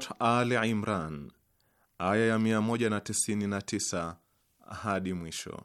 Surat Al Imran aya ya 199 hadi mwisho.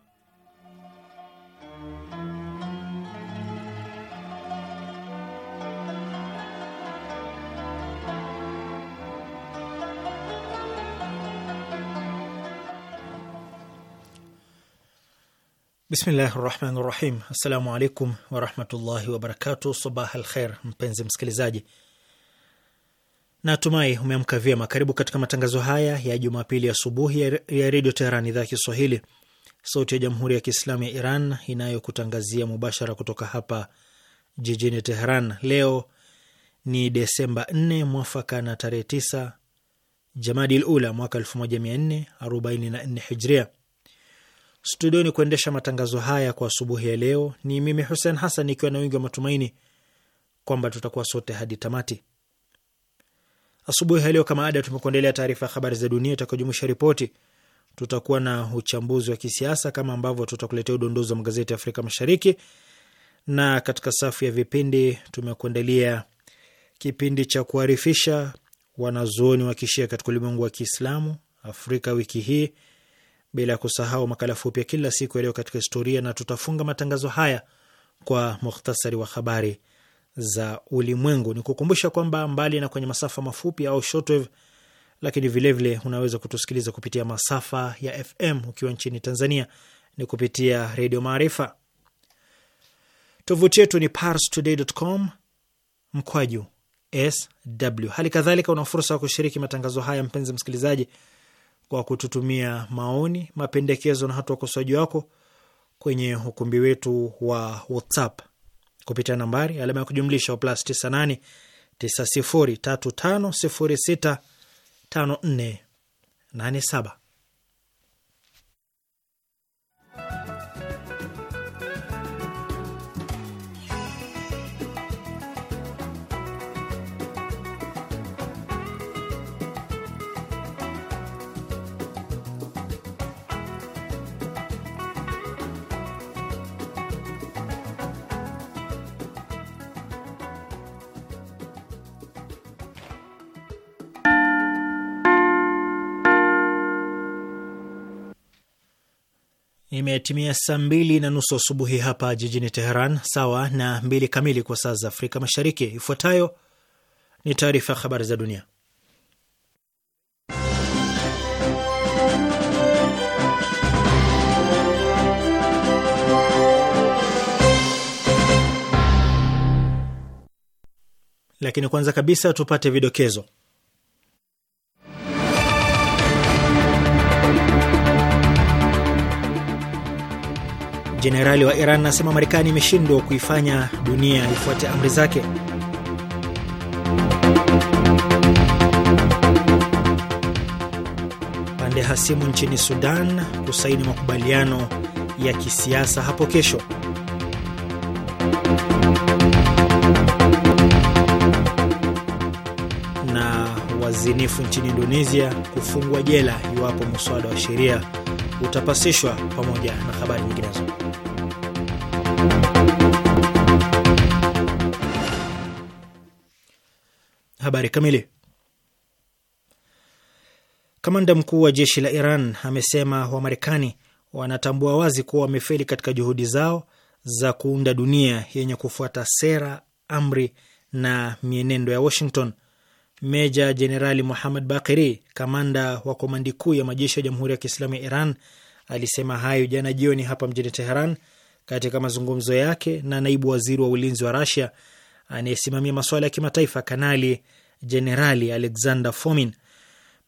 Bismillahi rahmani rahim. Assalamu alaikum warahmatullahi wabarakatu. Sabah kher mpenzi msikilizaji, natumai umeamka vyema. Karibu katika matangazo haya ya Jumapili asubuhi ya, ya redio Teheran, idhaa Kiswahili, sauti ya jamhuri ya Kiislamu ya Iran inayokutangazia mubashara kutoka hapa jijini Teheran. Leo ni Desemba 4 mwafaka na tarehe 9 Jamadil Ula mwaka 1444 Hijria. Studioni kuendesha matangazo haya kwa asubuhi ya leo ni mimi Hussein Hassan, ikiwa na wingi wa matumaini kwamba tutakuwa sote hadi tamati. Asubuhi ya leo kama ada, tumekuendelea taarifa ya habari za dunia itakayojumuisha ripoti. Tutakuwa na uchambuzi wa kisiasa kama ambavyo tutakuletea udondozi wa magazeti ya Afrika Mashariki, na katika safu ya vipindi tumekuandalia kipindi cha kuarifisha wanazuoni wa kishia katika ulimwengu wa Kiislamu, Afrika wiki hii bila ya kusahau makala fupi ya kila siku yaliyo katika historia, na tutafunga matangazo haya kwa muhtasari wa habari za ulimwengu. Ni kukumbusha kwamba mbali na kwenye masafa mafupi au shortwave, lakini vilevile vile unaweza kutusikiliza kupitia masafa ya FM ukiwa nchini Tanzania ni kupitia Redio Maarifa. Tovuti yetu ni parstoday.com mkwaju sw. Hali kadhalika una fursa ya kushiriki matangazo haya, mpenzi msikilizaji kwa kututumia maoni, mapendekezo na hata ukosoaji wako kwenye ukumbi wetu wa WhatsApp kupitia nambari alama ya kujumlisha plus 98 nne nane saba. imetimia saa mbili na nusu asubuhi hapa jijini Teheran, sawa na mbili kamili kwa saa za Afrika Mashariki. Ifuatayo ni taarifa ya habari za dunia, lakini kwanza kabisa tupate vidokezo Jenerali wa Iran anasema Marekani imeshindwa kuifanya dunia ifuate amri zake. Pande hasimu nchini Sudan kusaini makubaliano ya kisiasa hapo kesho. Na wazinifu nchini Indonesia kufungwa jela iwapo mswada wa sheria utapasishwa, pamoja na habari nyinginezo. Habari kamili. Kamanda mkuu wa jeshi la Iran amesema Wamarekani wanatambua wazi kuwa wamefeli katika juhudi zao za kuunda dunia yenye kufuata sera, amri na mienendo ya Washington. Meja Jenerali Muhammad Bakiri, kamanda wa komandi kuu ya majeshi ya Jamhuri ya Kiislamu ya Iran, alisema hayo jana jioni hapa mjini Teheran katika mazungumzo yake na naibu waziri wa ulinzi wa Rasia anayesimamia masuala ya kimataifa Kanali Jenerali Alexander Fomin.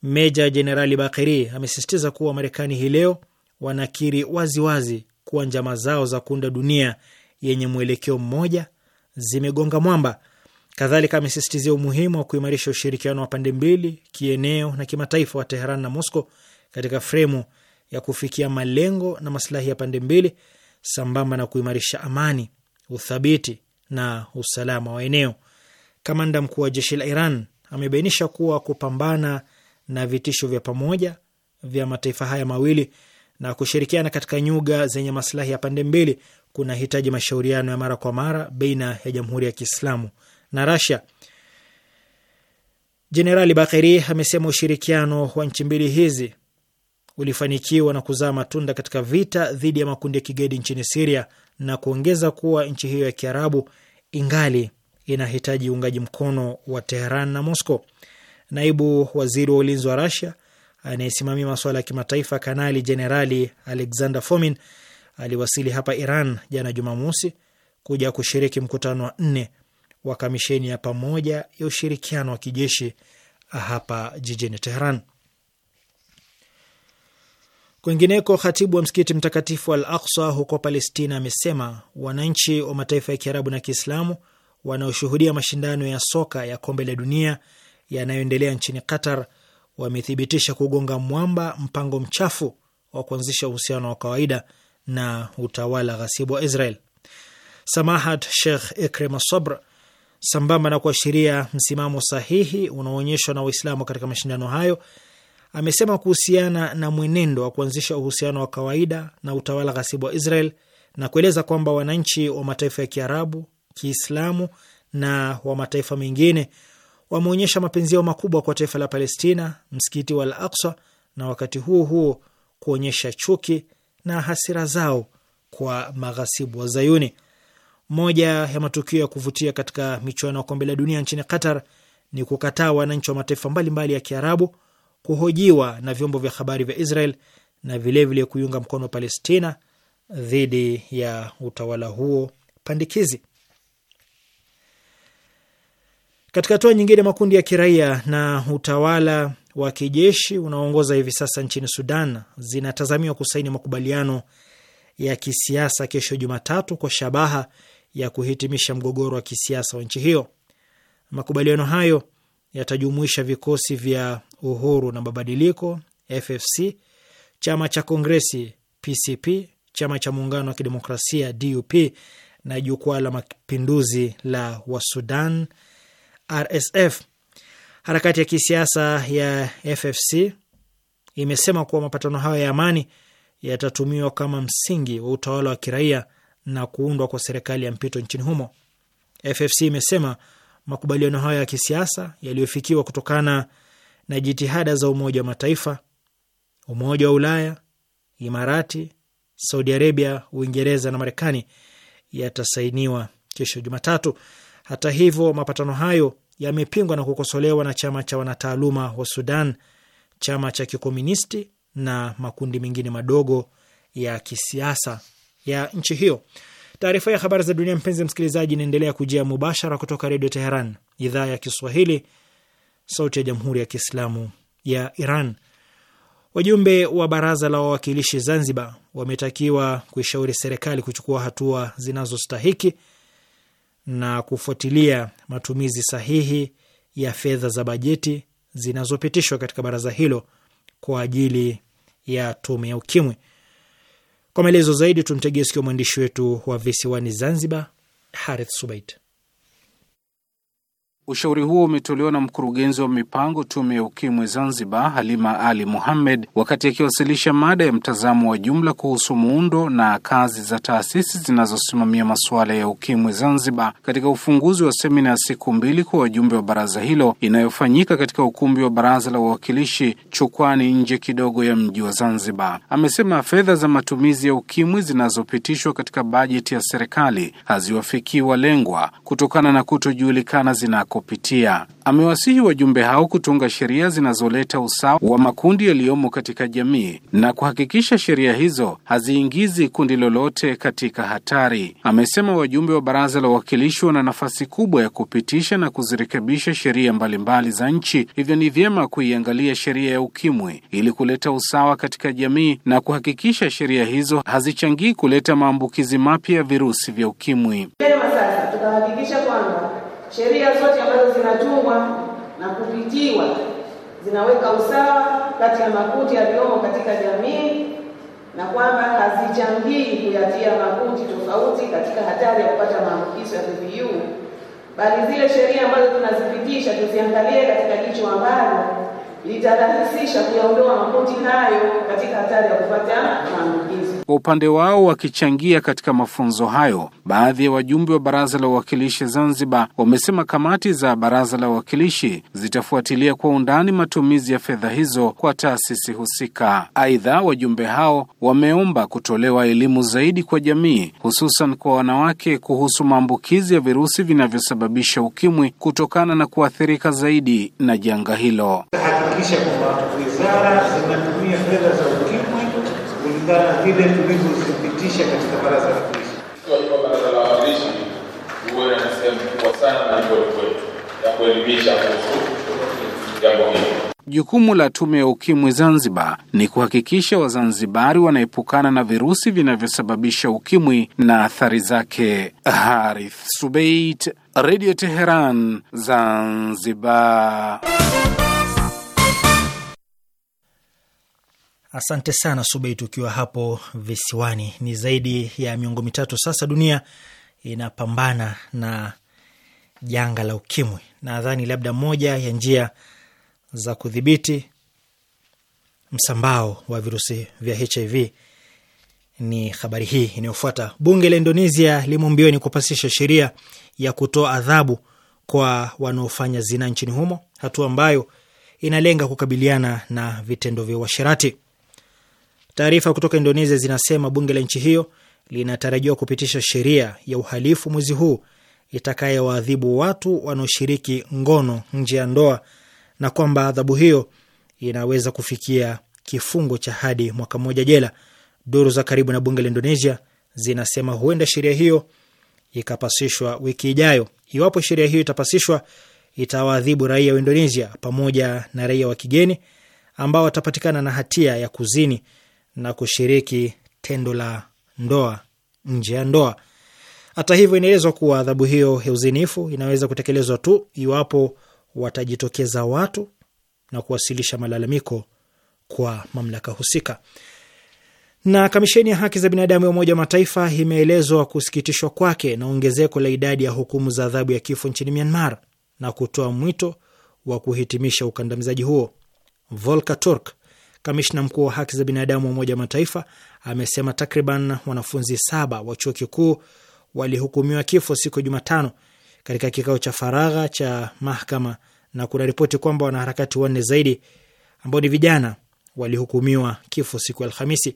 Meja Jenerali Bakiri amesisitiza kuwa Marekani hii leo wanakiri waziwazi wazi kuwa njama zao za kuunda dunia yenye mwelekeo mmoja zimegonga mwamba. Kadhalika amesisitizia umuhimu wa kuimarisha ushirikiano wa pande mbili, kieneo na kimataifa wa Teheran na Mosco katika fremu ya kufikia malengo na masilahi ya pande mbili, sambamba na kuimarisha amani, uthabiti na usalama wa eneo. Kamanda mkuu wa jeshi la Iran amebainisha kuwa kupambana na vitisho vya pamoja vya mataifa haya mawili na kushirikiana katika nyuga zenye maslahi ya pande mbili kuna hitaji mashauriano ya mara kwa mara baina ya Jamhuri ya Kiislamu na Rasia. Jenerali Bakeri amesema ushirikiano wa nchi mbili hizi ulifanikiwa na kuzaa matunda katika vita dhidi ya makundi ya kigaidi nchini Siria na kuongeza kuwa nchi hiyo ya Kiarabu ingali inahitaji uungaji mkono wa Teheran na Moscow. Naibu waziri wa ulinzi wa Rasia anayesimamia masuala ya kimataifa, Kanali Jenerali Alexander Fomin aliwasili hapa Iran jana Jumamosi kuja kushiriki mkutano wa nne wa kamisheni ya pamoja ya ushirikiano wa kijeshi hapa jijini Teheran. Kwingineko, khatibu wa msikiti mtakatifu Al Aksa huko Palestina amesema wananchi wa mataifa ya Kiarabu na Kiislamu wanaoshuhudia mashindano ya soka ya kombe la dunia yanayoendelea nchini Qatar wamethibitisha kugonga mwamba mpango mchafu wa kuanzisha uhusiano wa kawaida na utawala ghasibu wa Israel. Samahat Sheikh Ikrima Sabr, sambamba na kuashiria msimamo sahihi unaoonyeshwa na Waislamu katika mashindano hayo, amesema kuhusiana na mwenendo wa kuanzisha uhusiano wa kawaida na utawala ghasibu wa Israel na kueleza kwamba wananchi wa mataifa ya Kiarabu Kiislamu na wa mataifa mengine wameonyesha mapenzi yao makubwa kwa taifa la Palestina, msikiti wa Al Aksa, na wakati huo huo kuonyesha chuki na hasira zao kwa maghasibu wa Zayuni. Moja ya matukio ya kuvutia katika michuano ya kombe la dunia nchini Qatar ni kukataa wananchi wa mataifa mbalimbali ya Kiarabu kuhojiwa na vyombo vya habari vya Israel na vilevile vile kuiunga mkono Palestina dhidi ya utawala huo pandikizi. Katika hatua nyingine, makundi ya kiraia na utawala wa kijeshi unaoongoza hivi sasa nchini Sudan zinatazamiwa kusaini makubaliano ya kisiasa kesho Jumatatu kwa shabaha ya kuhitimisha mgogoro wa kisiasa wa nchi hiyo. Makubaliano hayo yatajumuisha vikosi vya uhuru na mabadiliko FFC, chama cha kongresi PCP, chama cha muungano wa kidemokrasia DUP na jukwaa la mapinduzi la Wasudan RSF. Harakati ya kisiasa ya FFC imesema kuwa mapatano hayo ya amani yatatumiwa kama msingi wa utawala wa kiraia na kuundwa kwa serikali ya mpito nchini humo. FFC imesema makubaliano hayo ya kisiasa yaliyofikiwa kutokana na jitihada za Umoja wa Mataifa, Umoja wa Ulaya, Imarati, Saudi Arabia, Uingereza na Marekani yatasainiwa kesho Jumatatu. Hata hivyo, mapatano hayo yamepingwa na kukosolewa na chama cha wanataaluma wa Sudan, chama cha kikomunisti na makundi mengine madogo ya kisiasa ya nchi hiyo. Taarifa ya habari za dunia, mpenzi msikilizaji, inaendelea kujia mubashara kutoka Redio Teheran, idhaa ya Kiswahili, sauti ya Jamhuri ya Kiislamu ya Iran. Wajumbe wa Baraza la Wawakilishi Zanzibar wametakiwa kuishauri serikali kuchukua hatua zinazostahiki na kufuatilia matumizi sahihi ya fedha za bajeti zinazopitishwa katika baraza hilo kwa ajili ya tume ya ukimwi. Kwa maelezo zaidi tumtegee sikio mwandishi wetu wa visiwani Zanzibar, Harith Subait. Ushauri huo umetolewa na mkurugenzi wa mipango tume ya ukimwi Zanzibar, Halima Ali muhammed wakati akiwasilisha mada ya mtazamo wa jumla kuhusu muundo na kazi za taasisi zinazosimamia masuala ya ukimwi Zanzibar, katika ufunguzi wa semina ya siku mbili kwa wajumbe wa baraza hilo inayofanyika katika ukumbi wa Baraza la Wawakilishi, Chukwani, nje kidogo ya mji wa Zanzibar. Amesema fedha za matumizi ya ukimwi zinazopitishwa katika bajeti ya serikali haziwafikii walengwa kutokana na kutojulikana zina kupitia. Amewasihi wajumbe hao kutunga sheria zinazoleta usawa wa makundi yaliyomo katika jamii na kuhakikisha sheria hizo haziingizi kundi lolote katika hatari. Amesema wajumbe wa baraza la wawakilishi wana nafasi kubwa ya kupitisha na kuzirekebisha sheria mbalimbali za nchi, hivyo ni vyema kuiangalia sheria ya ukimwi ili kuleta usawa katika jamii na kuhakikisha sheria hizo hazichangii kuleta maambukizi mapya ya virusi vya ukimwi. Sasa tutahakikisha kwamba sheria zote ambazo zinatungwa na kupitiwa zinaweka usawa kati ya makundi yaliyomo katika jamii na kwamba hazichangii kuyatia makundi tofauti katika hatari ya kupata maambukizo ya VVU, bali zile sheria ambazo tunazipitisha tuziangalie katika jicho ambalo litarahisisha kuyaondoa makundi hayo katika hatari ya kupata maambukizo. Kwa upande wao, wakichangia katika mafunzo hayo, baadhi ya wajumbe wa baraza la uwakilishi Zanzibar wamesema kamati za baraza la uwakilishi zitafuatilia kwa undani matumizi ya fedha hizo kwa taasisi husika. Aidha, wajumbe hao wameomba kutolewa elimu zaidi kwa jamii, hususan kwa wanawake kuhusu maambukizi ya virusi vinavyosababisha ukimwi kutokana na kuathirika zaidi na janga hilo. Hakikisha kwamba wizara zinatumia fedha kulingana na vile tulivyothibitisha katika baraza la wawakilishi. baraza la wawakilishi huwe na sehemu kubwa sana na hivyo kwetu ya kuelimisha kuhusu jambo hili. Jukumu la Tume ya Ukimwi Zanzibar ni kuhakikisha Wazanzibari wanaepukana na virusi vinavyosababisha ukimwi na athari zake. Harith Subait, Radio Teheran, Zanzibar. Asante sana Subei, tukiwa hapo visiwani. Ni zaidi ya miongo mitatu sasa dunia inapambana na janga la ukimwi. Nadhani labda moja ya njia za kudhibiti msambao wa virusi vya HIV ni habari hii inayofuata. Bunge la Indonesia limo mbioni kupasisha sheria ya kutoa adhabu kwa wanaofanya zina nchini humo, hatua ambayo inalenga kukabiliana na vitendo vya uasherati. Taarifa kutoka Indonesia zinasema bunge la nchi hiyo linatarajiwa kupitisha sheria ya uhalifu mwezi huu itakayowaadhibu watu wanaoshiriki ngono nje ya ndoa na kwamba adhabu hiyo inaweza kufikia kifungo cha hadi mwaka mmoja jela. Duru za karibu na bunge la Indonesia zinasema huenda sheria hiyo ikapasishwa wiki ijayo. Iwapo sheria hiyo itapasishwa, itawaadhibu raia wa Indonesia pamoja na raia wa kigeni ambao watapatikana na hatia ya kuzini na kushiriki tendo la ndoa nje ya ndoa. Hata hivyo, inaelezwa kuwa adhabu hiyo ya uzinifu inaweza kutekelezwa tu iwapo watajitokeza watu na kuwasilisha malalamiko kwa mamlaka husika. Na kamisheni ya haki za binadamu ya Umoja wa Mataifa imeelezwa kusikitishwa kwake na ongezeko la idadi ya hukumu za adhabu ya kifo nchini Myanmar na kutoa mwito wa kuhitimisha ukandamizaji huo. Volker Turk Kamishna mkuu wa haki za binadamu wa Umoja wa Mataifa amesema takriban wanafunzi saba wa chuo kikuu walihukumiwa kifo siku ya Jumatano katika kikao cha faragha cha mahakama, na kuna ripoti kwamba wanaharakati wanne zaidi ambao ni vijana walihukumiwa kifo siku ya Alhamisi.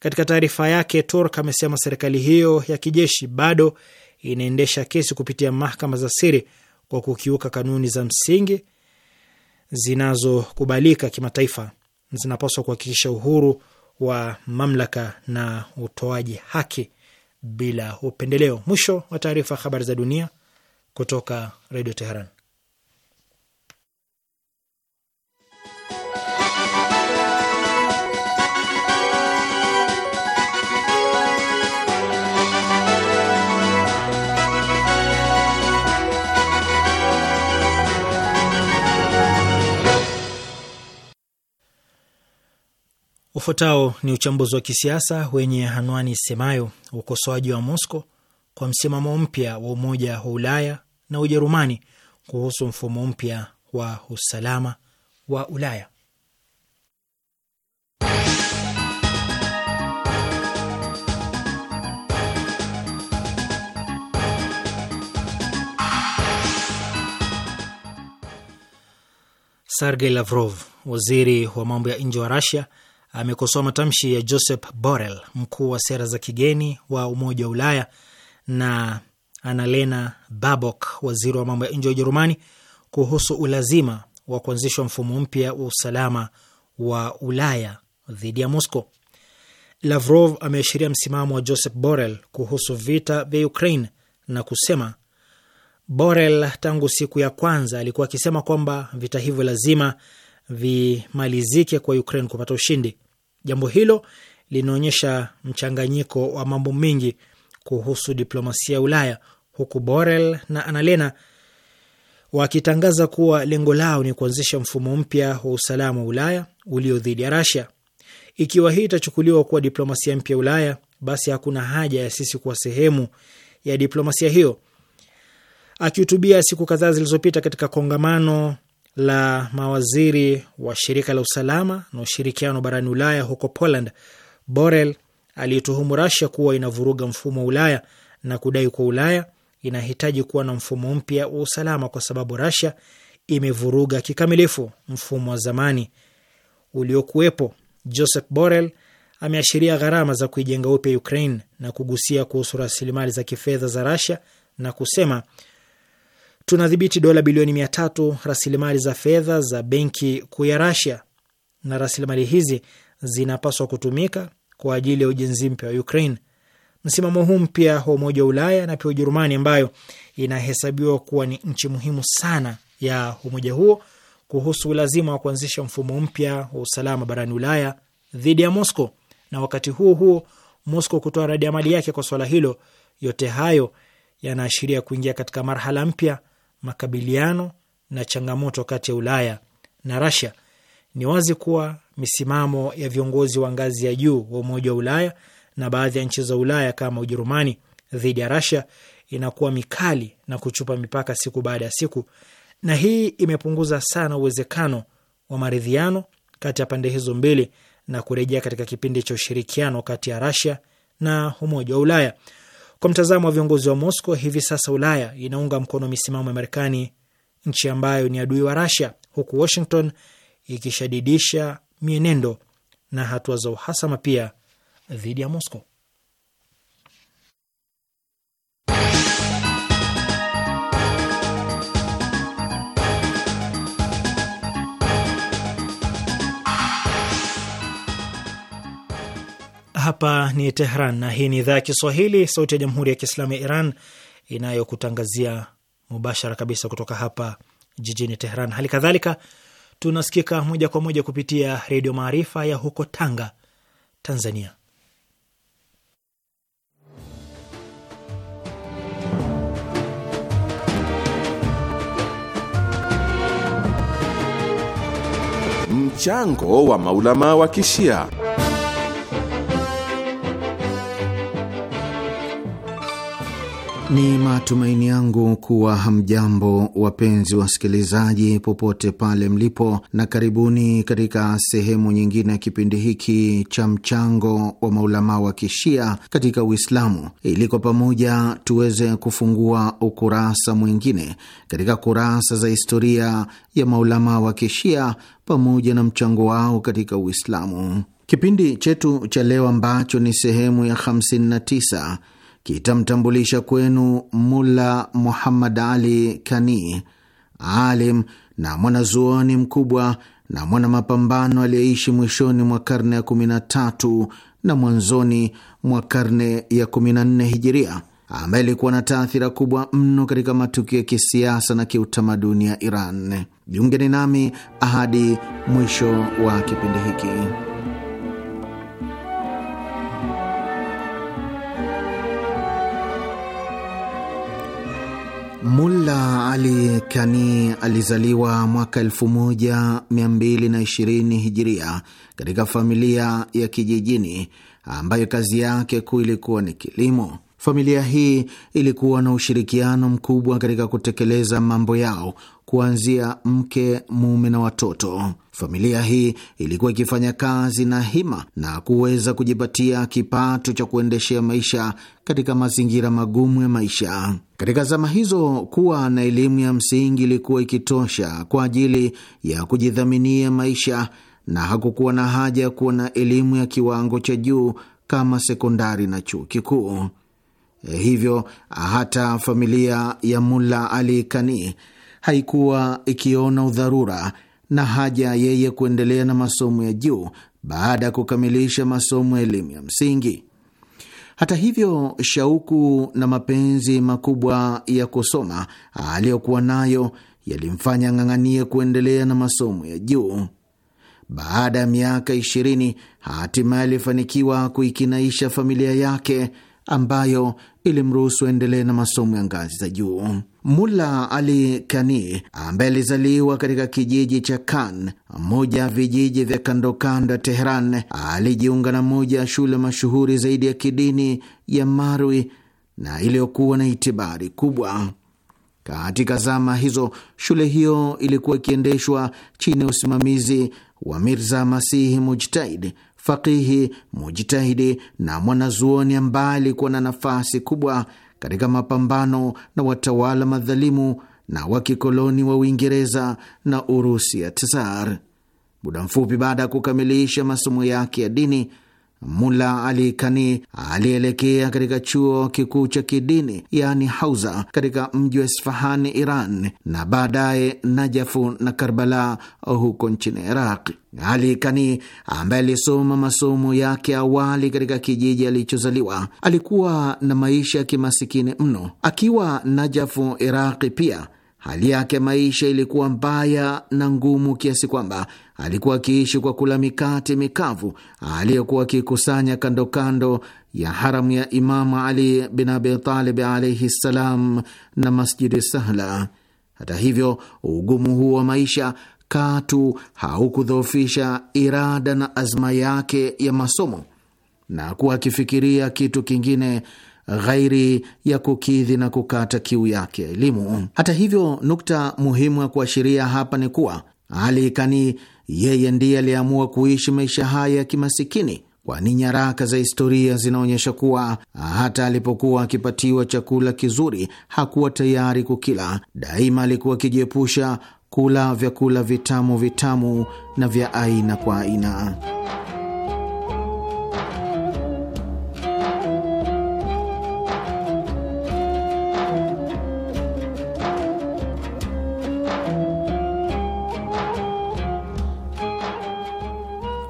Katika taarifa yake, Turk amesema serikali hiyo ya kijeshi bado inaendesha kesi kupitia mahakama za siri kwa kukiuka kanuni za msingi zinazokubalika kimataifa zinapaswa kuhakikisha uhuru wa mamlaka na utoaji haki bila upendeleo. Mwisho wa taarifa. Habari za dunia kutoka Redio Teheran. Ufuatao ni uchambuzi wa kisiasa wenye anwani semayo ukosoaji wa Moscow kwa msimamo mpya wa Umoja wa Ulaya na Ujerumani kuhusu mfumo mpya wa usalama wa Ulaya. Sergei Lavrov, waziri wa mambo ya nje wa Rasia, amekosoa matamshi ya Joseph Borrell, mkuu wa sera za kigeni wa Umoja wa Ulaya, na Annalena Baerbock, waziri wa mambo ya nje wa Ujerumani, kuhusu ulazima wa kuanzishwa mfumo mpya wa usalama wa Ulaya dhidi ya Moscow. Lavrov ameashiria msimamo wa Joseph Borrell kuhusu vita vya Ukraine na kusema Borrell tangu siku ya kwanza alikuwa akisema kwamba vita hivyo lazima vimalizike kwa Ukraine kupata ushindi. Jambo hilo linaonyesha mchanganyiko wa mambo mengi kuhusu diplomasia ya Ulaya, huku Borel na Analena wakitangaza kuwa lengo lao ni kuanzisha mfumo mpya wa usalama wa Ulaya ulio dhidi ya Rasia. Ikiwa hii itachukuliwa kuwa diplomasia mpya ya Ulaya, basi hakuna haja ya sisi kuwa sehemu ya diplomasia hiyo. Akihutubia siku kadhaa zilizopita katika kongamano la mawaziri wa shirika la usalama na ushirikiano barani Ulaya huko Poland, Borel aliituhumu Rasia kuwa inavuruga mfumo wa Ulaya na kudai kuwa Ulaya inahitaji kuwa na mfumo mpya wa usalama kwa sababu Rasia imevuruga kikamilifu mfumo wa zamani uliokuwepo. Joseph Borel ameashiria gharama za kuijenga upya Ukraine na kugusia kuhusu rasilimali za kifedha za Rasia na kusema tunadhibiti dola bilioni mia tatu rasilimali za fedha za benki kuu ya Rasia, na rasilimali hizi zinapaswa kutumika kwa ajili ya ujenzi mpya wa Ukraine. Msimamo huu mpya wa Umoja wa Ulaya na pia Ujerumani ambayo inahesabiwa kuwa ni nchi muhimu sana ya umoja huo kuhusu ulazima wa kuanzisha mfumo mpya wa usalama barani Ulaya dhidi ya Moscow, na wakati huo huo Moscow kutoa mali yake kwa swala hilo. Yote hayo yanaashiria kuingia katika marhala mpya makabiliano na changamoto kati ya Ulaya na Rasia. Ni wazi kuwa misimamo ya viongozi wa ngazi ya juu wa Umoja wa Ulaya na baadhi ya nchi za Ulaya kama Ujerumani dhidi ya Rasia inakuwa mikali na kuchupa mipaka siku baada ya siku, na hii imepunguza sana uwezekano wa maridhiano kati ya pande hizo mbili na kurejea katika kipindi cha ushirikiano kati ya Rasia na Umoja wa Ulaya. Kwa mtazamo wa viongozi wa Moscow, hivi sasa Ulaya inaunga mkono misimamo ya Marekani, nchi ambayo ni adui wa Rasia, huku Washington ikishadidisha mienendo na hatua za uhasama pia dhidi ya Moscow. Hapa ni Tehran na hii ni idhaa ya Kiswahili, sauti ya jamhuri ya kiislamu ya Iran inayokutangazia mubashara kabisa kutoka hapa jijini Tehran. Hali kadhalika tunasikika moja kwa moja kupitia Redio Maarifa ya huko Tanga, Tanzania. Mchango wa maulama wa Kishia. Ni matumaini yangu kuwa hamjambo, wapenzi wasikilizaji, popote pale mlipo, na karibuni katika sehemu nyingine ya kipindi hiki cha mchango wa maulama wa kishia katika Uislamu, ili kwa pamoja tuweze kufungua ukurasa mwingine katika kurasa za historia ya maulama wa kishia pamoja na mchango wao katika Uislamu. Kipindi chetu cha leo ambacho ni sehemu ya 59 kitamtambulisha kwenu Mulla Muhammad Ali Kani, alim na mwanazuoni mkubwa na mwana mapambano aliyeishi mwishoni mwa karne ya 13 na mwanzoni mwa karne ya 14 Hijiria, ambaye alikuwa na taathira kubwa mno katika matukio ya kisiasa na kiutamaduni ya Iran. Jiungeni nami ahadi mwisho wa kipindi hiki. Kani alizaliwa mwaka 1220 hijiria katika familia ya kijijini ambayo kazi yake kuu ilikuwa ni kilimo. Familia hii ilikuwa na ushirikiano mkubwa katika kutekeleza mambo yao, kuanzia mke, mume na watoto. Familia hii ilikuwa ikifanya kazi na hima na kuweza kujipatia kipato cha kuendeshea maisha katika mazingira magumu ya maisha. Katika zama hizo, kuwa na elimu ya msingi ilikuwa ikitosha kwa ajili ya kujidhaminia maisha na hakukuwa na haja ya kuwa na elimu ya kiwango cha juu kama sekondari na chuo kikuu. Hivyo hata familia ya Mulla Ali Kani haikuwa ikiona udharura na haja yeye kuendelea na masomo ya juu baada ya kukamilisha masomo ya elimu ya msingi. Hata hivyo, shauku na mapenzi makubwa ya kusoma aliyokuwa nayo yalimfanya ng'ang'anie kuendelea na masomo ya juu. Baada ya miaka ishirini hatimaye alifanikiwa kuikinaisha familia yake ambayo ilimruhusu endelee na masomo ya ngazi za juu. Mula Ali Kani ambaye alizaliwa katika kijiji cha Kan, moja ya vijiji vya kandokando ya Teheran, alijiunga na moja ya shule mashuhuri zaidi ya kidini ya Marwi na iliyokuwa na itibari kubwa katika zama hizo. Shule hiyo ilikuwa ikiendeshwa chini ya usimamizi wa Mirza Masihi Mujtaid fakihi, mujitahidi na mwanazuoni ambaye alikuwa na nafasi kubwa katika mapambano na watawala madhalimu na wakikoloni wa Uingereza na Urusi ya Tsar. Muda mfupi baada ya kukamilisha masomo yake ya dini Mula Ali Kani alielekea katika chuo kikuu cha kidini yaani Hauza katika mji wa Isfahani, Iran, na baadaye Najafu na Karbala huko nchini Iraq. Ali Kani ambaye alisoma masomo yake awali katika kijiji alichozaliwa alikuwa na maisha ya kimasikini mno. Akiwa Najafu, Iraqi, pia hali yake maisha ilikuwa mbaya na ngumu kiasi kwamba alikuwa akiishi kwa kula mikate mikavu aliyokuwa akikusanya kando kando ya haramu ya Imamu Ali bin Abitalib alaihi ssalam na Masjidi Sahla. Hata hivyo, ugumu huu wa maisha katu haukudhoofisha irada na azma yake ya masomo na kuwa akifikiria kitu kingine ghairi ya kukidhi na kukata kiu yake elimu. Hata hivyo, nukta muhimu ya kuashiria hapa ni kuwa Ali Kani yeye ndiye aliamua kuishi maisha haya ya kimasikini, kwani nyaraka za historia zinaonyesha kuwa hata alipokuwa akipatiwa chakula kizuri hakuwa tayari kukila. Daima alikuwa akijiepusha kula vyakula vitamu vitamu na vya aina kwa aina.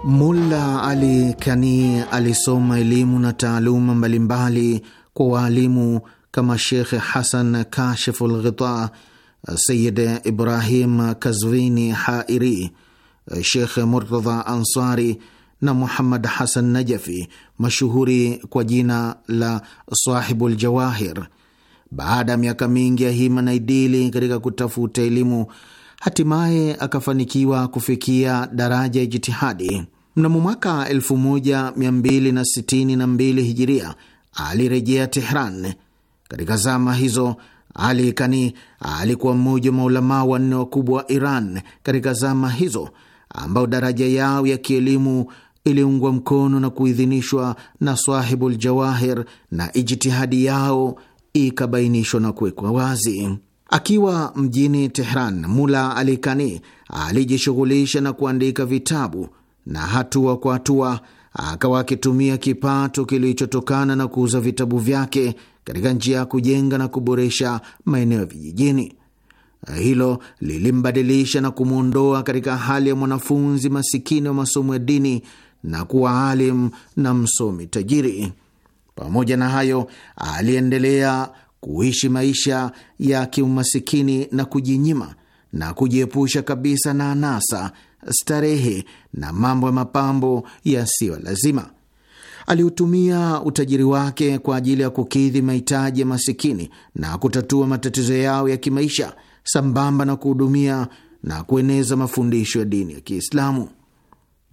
Mulla Ali Kani alisoma elimu na taaluma mbalimbali kwa waalimu kama Shekh Hasan Kashif lghita Sayid Ibrahim Kazvini Hairi, Shekh Murtadha Ansari na Muhammad Hasan Najafi, mashuhuri kwa jina la Sahibu Ljawahir. Baada ya miaka mingi ya hima na idili katika kutafuta elimu, hatimaye akafanikiwa kufikia daraja ya jitihadi. Mnamo mwaka 1262 hijiria alirejea Tehran. Katika zama hizo Ali Kani alikuwa mmoja wa maulamaa wanne wakubwa wa Iran katika zama hizo ambao daraja yao ya kielimu iliungwa mkono na kuidhinishwa na Sahibul Jawahir na ijtihadi yao ikabainishwa na kuwekwa wazi. Akiwa mjini Tehran, Mula Ali Kani alijishughulisha na kuandika vitabu na hatua kwa hatua akawa akitumia kipato kilichotokana na kuuza vitabu vyake katika njia ya kujenga na kuboresha maeneo ya vijijini. Hilo lilimbadilisha na kumwondoa katika hali ya mwanafunzi masikini wa masomo ya dini na kuwa alim na msomi tajiri. Pamoja na hayo, aliendelea kuishi maisha ya kiumasikini na kujinyima na kujiepusha kabisa na anasa starehe na mambo ya mapambo yasiyo lazima. Aliutumia utajiri wake kwa ajili ya kukidhi mahitaji ya masikini na kutatua matatizo yao ya kimaisha sambamba na kuhudumia na kueneza mafundisho ya dini ya Kiislamu.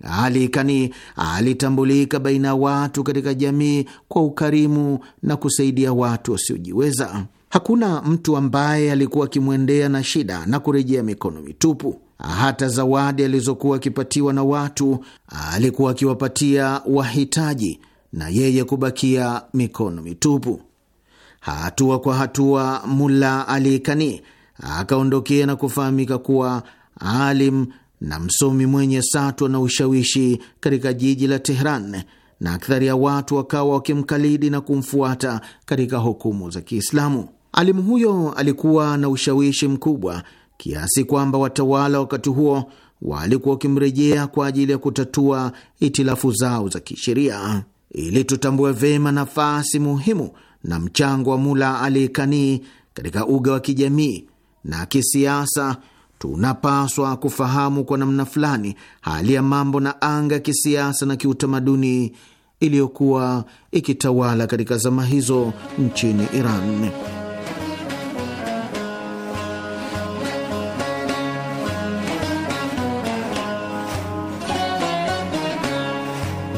Ali Kani alitambulika baina ya watu katika jamii kwa ukarimu na kusaidia watu wasiojiweza. Hakuna mtu ambaye alikuwa akimwendea na shida na kurejea mikono mitupu. Hata zawadi alizokuwa akipatiwa na watu alikuwa akiwapatia wahitaji na yeye kubakia mikono mitupu. Hatua kwa hatua, Mulla Ali Kani akaondokea na kufahamika kuwa alim na msomi mwenye satwa na ushawishi katika jiji la Tehran, na akthari ya watu wakawa wakimkalidi na kumfuata katika hukumu za Kiislamu. Alimu huyo alikuwa na ushawishi mkubwa kiasi kwamba watawala wakati huo walikuwa wakimrejea kwa ajili ya kutatua itilafu zao za kisheria. Ili tutambue vyema nafasi muhimu na mchango wa Mula Ali Kani katika uga wa kijamii na kisiasa, tunapaswa kufahamu kwa namna fulani hali ya mambo na anga ya kisiasa na kiutamaduni iliyokuwa ikitawala katika zama hizo nchini Iran.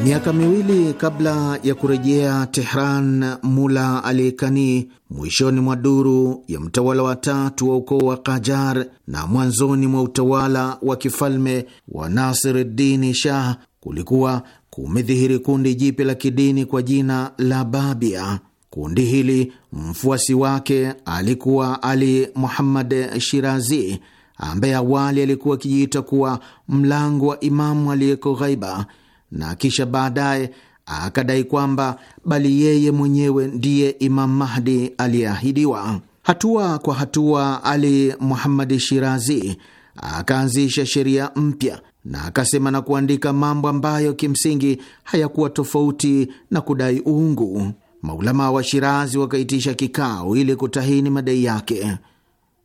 Miaka miwili kabla ya kurejea Tehran, Mula Alikani, mwishoni mwa duru ya mtawala wa tatu wa ukoo wa Kajar na mwanzoni mwa utawala wa kifalme wa Nasiruddini Shah, kulikuwa kumedhihiri kundi jipya la kidini kwa jina la Babia. Kundi hili mfuasi wake alikuwa Ali Muhammad Shirazi, ambaye awali alikuwa akijiita kuwa mlango wa Imamu aliyeko ghaiba na kisha baadaye akadai kwamba bali yeye mwenyewe ndiye Imam Mahdi aliyeahidiwa. Hatua kwa hatua, Ali Muhammad Shirazi akaanzisha sheria mpya na akasema na kuandika mambo ambayo kimsingi hayakuwa tofauti na kudai uungu. Maulama wa Shirazi wakaitisha kikao ili kutahini madai yake.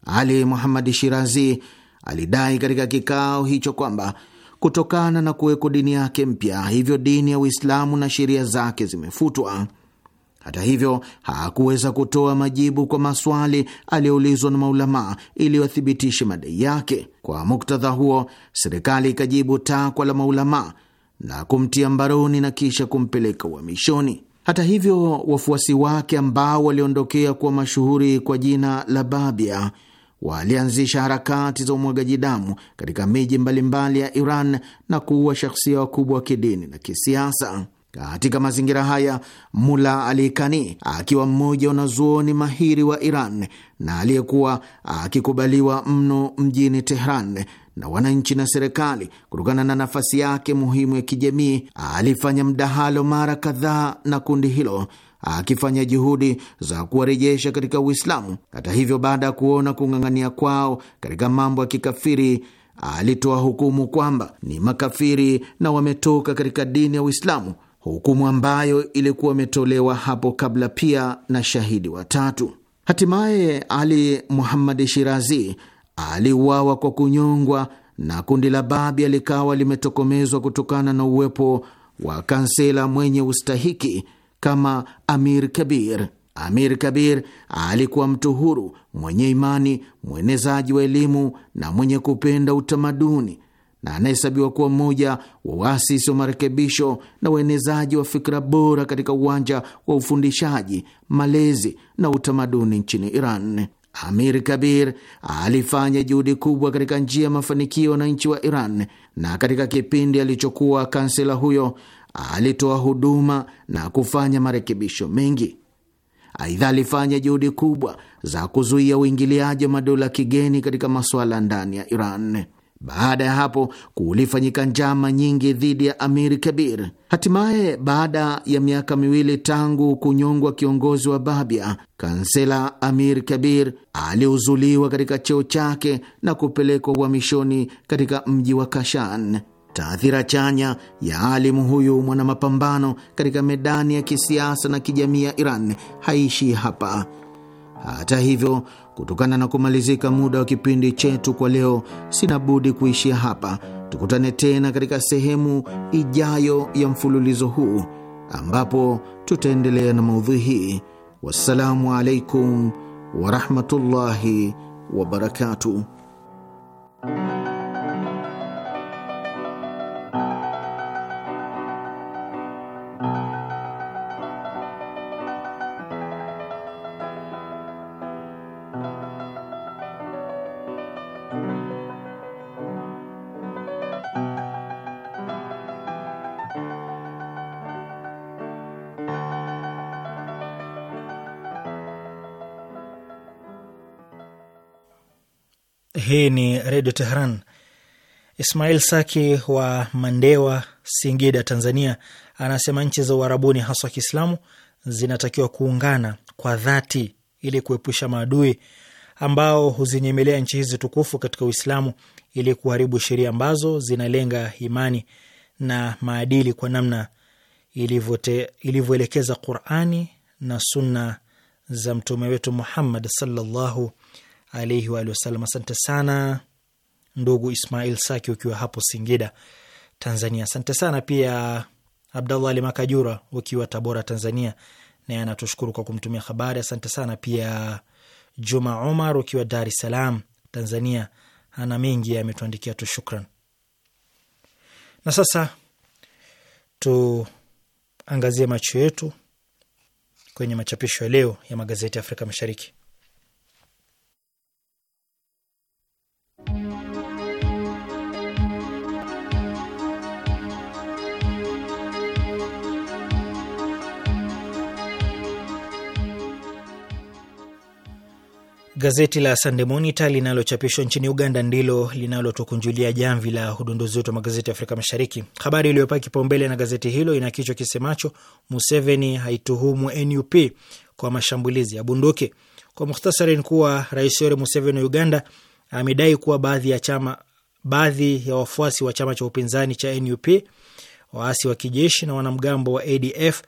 Ali Muhammad Shirazi alidai katika kikao hicho kwamba kutokana na kuwekwa dini yake mpya. Hivyo dini ya Uislamu na sheria zake zimefutwa. Hata hivyo, hakuweza kutoa majibu kwa maswali aliyoulizwa na maulamaa ili wathibitishe madai yake. Kwa muktadha huo, serikali ikajibu takwa la maulamaa na kumtia mbaroni na kisha kumpeleka uhamishoni. Hata hivyo, wafuasi wake ambao waliondokea kuwa mashuhuri kwa jina la Babia walianzisha harakati za umwagaji damu katika miji mbalimbali ya Iran na kuua shahsia wakubwa wa kidini na kisiasa. Katika mazingira haya, Mula Ali Kani akiwa mmoja wanazuoni mahiri wa Iran na aliyekuwa akikubaliwa mno mjini Tehran na wananchi na serikali kutokana na nafasi yake muhimu ya kijamii, alifanya mdahalo mara kadhaa na kundi hilo akifanya juhudi za kuwarejesha katika Uislamu. Hata hivyo, baada ya kuona kung'ang'ania kwao katika mambo ya kikafiri alitoa hukumu kwamba ni makafiri na wametoka katika dini ya Uislamu, hukumu ambayo ilikuwa imetolewa hapo kabla pia na shahidi watatu. Hatimaye Ali Muhammad Shirazi aliuawa kwa kunyongwa na kundi la Babia likawa limetokomezwa kutokana na uwepo wa kansela mwenye ustahiki kama Amir Kabir. Amir Kabir alikuwa mtu huru mwenye imani, mwenezaji wa elimu na mwenye kupenda utamaduni, na anahesabiwa kuwa mmoja wa waasisi wa marekebisho na uenezaji wa fikra bora katika uwanja wa ufundishaji, malezi na utamaduni nchini Iran. Amir Kabir alifanya juhudi kubwa katika njia ya mafanikio na wananchi wa Iran, na katika kipindi alichokuwa kansela huyo alitoa huduma na kufanya marekebisho mengi. Aidha, alifanya juhudi kubwa za kuzuia uingiliaji wa madola kigeni katika masuala ndani ya Iran. Baada ya hapo kulifanyika njama nyingi dhidi ya Amir Kabir. Hatimaye, baada ya miaka miwili tangu kunyongwa kiongozi wa Babia, kansela Amir Kabir aliuzuliwa katika cheo chake na kupelekwa uhamishoni katika mji wa Kashan. Taadhira chanya ya alimu huyu mwana mapambano katika medani ya kisiasa na kijamii ya Iran haishi hapa. Hata hivyo, kutokana na kumalizika muda wa kipindi chetu kwa leo, sina budi kuishia hapa. Tukutane tena katika sehemu ijayo ya mfululizo huu ambapo tutaendelea na maudhui hii. Wassalamu alaikum warahmatullahi wabarakatuh. Redio Teheran. Ismail Saki wa Mandewa, Singida, Tanzania, anasema nchi za Uarabuni, haswa Kiislamu, zinatakiwa kuungana kwa dhati ili kuepusha maadui ambao huzinyemelea nchi hizi tukufu katika Uislamu ili kuharibu sheria ambazo zinalenga imani na maadili kwa namna ilivyoelekeza Qurani na sunna za mtume wetu Muhammad sallallahu alaihi waalihi wasallam. Asante sana ndugu Ismail Saki ukiwa hapo Singida, Tanzania. Asante sana pia Abdallah Ali Makajura ukiwa Tabora, Tanzania, naye anatushukuru kwa kumtumia habari. Asante sana pia Juma Omar ukiwa Dar es Salaam, Tanzania, ana mengi ametuandikia tu, shukran. Na sasa tuangazie macho yetu kwenye machapisho ya leo ya magazeti ya Afrika Mashariki. Gazeti la Sunday Monitor linalochapishwa nchini Uganda ndilo linalotukunjulia jamvi la udondozi wetu wa magazeti ya Afrika Mashariki. Habari iliyopaa kipaumbele na gazeti hilo ina kichwa kisemacho Museveni haituhumu NUP kwa mashambulizi ya bunduki. Kwa muhtasari ni kuwa Rais Yoweri Museveni wa Uganda amedai kuwa baadhi ya chama baadhi ya wafuasi wa chama cha upinzani cha NUP, waasi wa kijeshi na wanamgambo wa ADF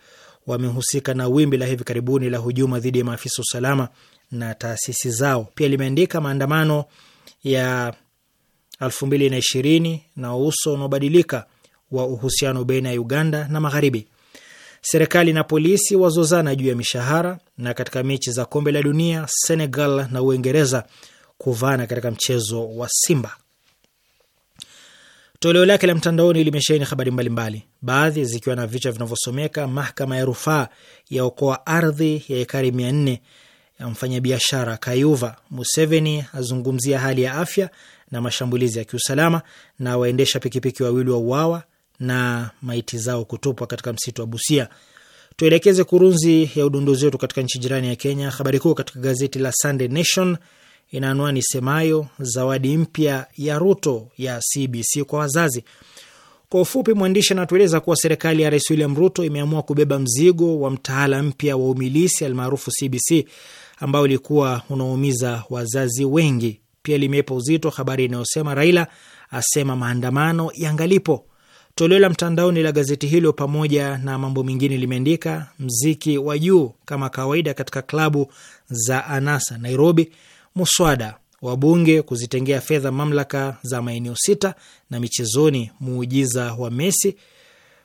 wamehusika na wimbi la hivi karibuni la hujuma dhidi ya maafisa usalama na taasisi zao. Pia limeandika maandamano ya elfu mbili na ishirini na uso unaobadilika wa uhusiano baina ya Uganda na Magharibi. Serikali na polisi wazozana juu ya mishahara, na katika mechi za kombe la dunia Senegal na Uingereza kuvana katika mchezo wa Simba. Toleo lake la mtandaoni limesheheni habari mbalimbali, baadhi zikiwa na vichwa vinavyosomeka: mahakama ya rufaa yaokoa ardhi ya ekari mia nne ya mfanyabiashara Kayuva. Museveni azungumzia hali ya afya na mashambulizi ya kiusalama, na waendesha pikipiki wawili wa uawa na maiti zao kutupwa katika msitu wa Busia. Tuelekeze kurunzi ya udunduzi wetu katika nchi jirani ya Kenya. Habari kuu katika gazeti la Sunday Nation ina anwani semayo zawadi mpya ya Ruto ya CBC kwa wazazi. Kwa ufupi, mwandishi anatueleza kuwa serikali ya Rais William Ruto imeamua kubeba mzigo wa mtaala mpya wa umilisi almaarufu CBC ambao ulikuwa unaumiza wazazi wengi. Pia limeipa uzito habari inayosema Raila asema maandamano yangalipo. Toleo la mtandaoni la gazeti hilo pamoja na mambo mengine limeandika mziki wa juu kama kawaida katika klabu za anasa Nairobi, muswada wabunge kuzitengea fedha mamlaka za maeneo sita, na michezoni, muujiza wa Messi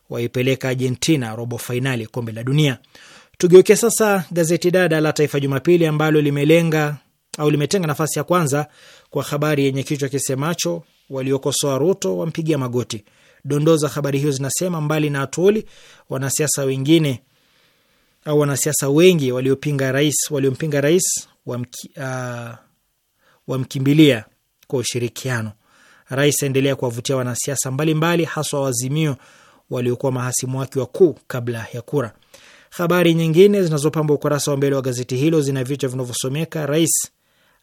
waipeleka Argentina robo fainali kombe la dunia. Tugeukia sasa gazeti dada la Taifa Jumapili ambalo limelenga au limetenga nafasi ya kwanza kwa habari yenye kichwa kisemacho waliokosoa Ruto wampigia magoti. Dondoo za habari hiyo zinasema mbali na atuli wanasiasa wengine au wanasiasa wengi waliopinga rais waliompinga rais wamki, uh, wamkimbilia kwa ushirikiano. Rais aendelea kuwavutia wanasiasa mbalimbali, haswa Wazimio waliokuwa mahasimu wake wakuu kabla ya kura. Habari nyingine zinazopamba ukurasa wa mbele wa gazeti hilo zina vichwa vinavyosomeka: Rais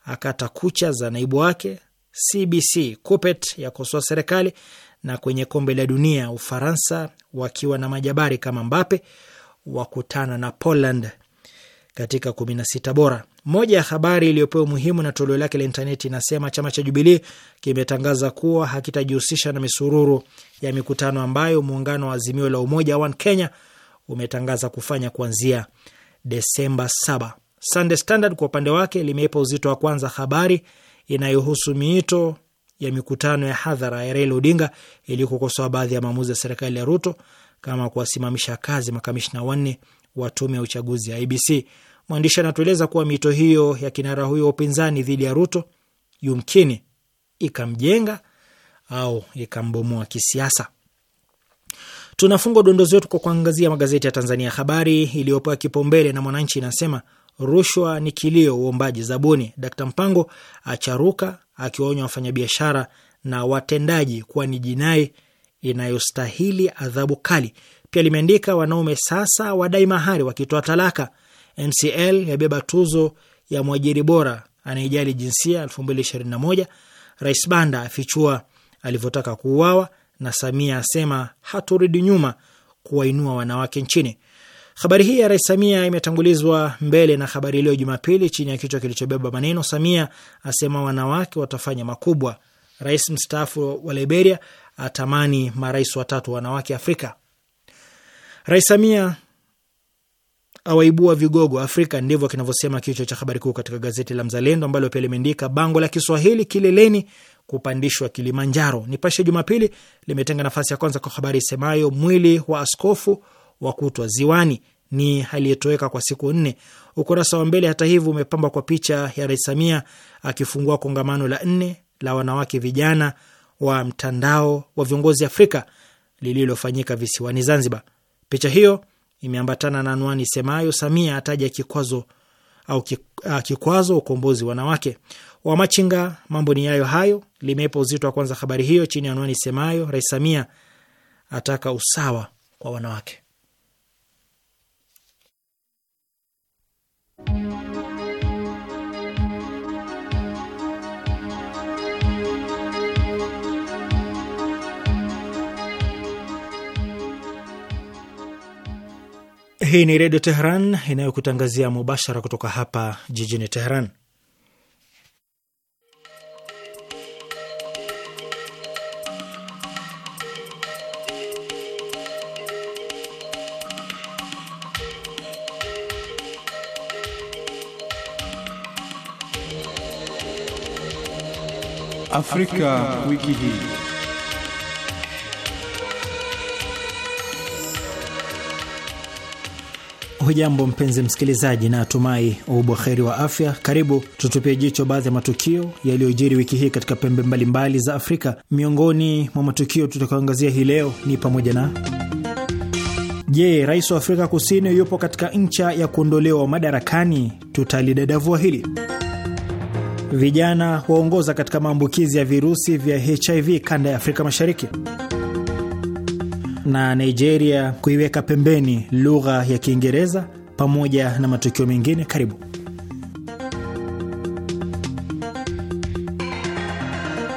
akata kucha za naibu wake, CBC Kupet yakosoa serikali, na kwenye kombe la dunia Ufaransa wakiwa na majabari kama Mbape wakutana na Poland katika sita bora. Moja ya habari iliyopewa umuhimu na toleo lake la intaneti inasema chama cha Jubilii kimetangaza kuwa hakitajihusisha na misururu ya mikutano ambayo muungano wa Azimio la Umoja One Kenya umetangaza kufanya kuanzia Desemba saba. Sunday Standard kwa upande wake limeipa uzito wa kwanza habari inayohusu miito ya mikutano ya hadhara ya Raila Odinga ili kukosoa baadhi ya maamuzi ya serikali ya Ruto kama kuwasimamisha kazi makamishna wanne wa tume ya uchaguzi ya IBC. Mwandishi anatueleza kuwa miito hiyo ya kinara huyo wa upinzani dhidi ya Ruto yumkini ikamjenga au ikambomoa kisiasa. Tunafunga udondozi wetu kwa kuangazia magazeti ya Tanzania. Habari iliyopewa kipaumbele na Mwananchi inasema rushwa ni kilio, uombaji zabuni. Dkt Mpango acharuka akiwaonya wafanyabiashara na watendaji kuwa ni jinai inayostahili adhabu kali. Pia limeandika wanaume sasa wadai mahari wakitoa talaka. MCL yabeba tuzo ya mwajiri bora anayejali jinsia 2021. Rais Banda afichua alivyotaka kuuawa na Samia asema haturudi nyuma kuwainua wanawake nchini. Habari hii ya Rais Samia imetangulizwa mbele na Habari iliyo Jumapili chini ya kichwa kilichobeba maneno Samia asema wanawake watafanya makubwa. Rais mstaafu wa Liberia atamani marais watatu wanawake Afrika. Rais Samia awaibua vigogo Afrika, ndivyo kinavyosema kichwa cha habari kuu katika gazeti la Mzalendo ambalo pia limeandika bango la Kiswahili kileleni kupandishwa Kilimanjaro. Nipashe Jumapili limetenga nafasi ya kwanza kwa habari isemayo mwili wa askofu kutwa ziwani, ni aliyetoweka kwa siku nne. Ukurasa wa mbele hata hivyo umepambwa kwa picha ya Rais Samia akifungua kongamano la nne la wanawake vijana wa mtandao wa viongozi Afrika lililofanyika visiwani Zanzibar. Picha hiyo imeambatana na anwani semayo Samia ataja kikwazo au kikwazo ukombozi wanawake. Wamachinga mambo ni yayo hayo limeipa uzito wa kwanza habari hiyo chini ya anwani semayo Rais Samia ataka usawa kwa wanawake. Hii ni Redio Teheran inayokutangazia mubashara kutoka hapa jijini Teheran. Afrika, Afrika wiki hii. Hujambo mpenzi msikilizaji, na atumai ubuheri wa afya. Karibu tutupie jicho baadhi ya matukio yaliyojiri wiki hii katika pembe mbalimbali mbali za Afrika. Miongoni mwa matukio tutakayoangazia hii leo ni pamoja na je, rais wa Afrika Kusini yupo katika ncha ya kuondolewa madarakani? Tutalidadavua hili. Vijana waongoza katika maambukizi ya virusi vya HIV kanda ya Afrika Mashariki na Nigeria kuiweka pembeni lugha ya Kiingereza pamoja na matukio mengine. Karibu.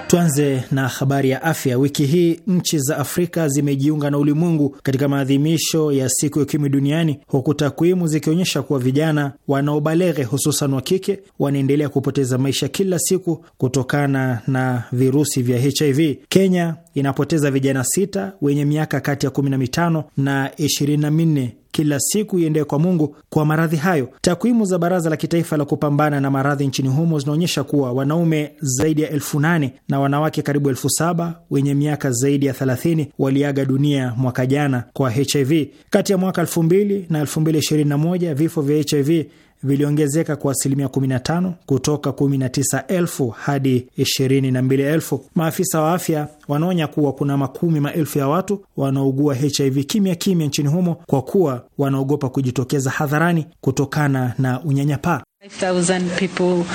Tuanze na habari ya afya. Wiki hii nchi za Afrika zimejiunga na ulimwengu katika maadhimisho ya siku ya ukimwi duniani, huku takwimu zikionyesha kuwa vijana wanaobaleghe, hususan wa kike, wanaendelea kupoteza maisha kila siku kutokana na virusi vya HIV. Kenya inapoteza vijana sita wenye miaka kati ya 15 na 24 kila siku iendee kwa Mungu kwa maradhi hayo. Takwimu za Baraza la Kitaifa la Kupambana na Maradhi nchini humo zinaonyesha kuwa wanaume zaidi ya elfu nane na wanawake karibu elfu saba wenye miaka zaidi ya 30 waliaga dunia mwaka jana kwa HIV. Kati ya mwaka 2000 na 2021 vifo vya HIV viliongezeka kwa asilimia 15 kutoka 19,000 hadi 22,000. Maafisa wa afya wanaonya kuwa kuna makumi maelfu ya watu wanaougua HIV kimya kimya nchini humo kwa kuwa wanaogopa kujitokeza hadharani kutokana na unyanyapaa. 5,000 people,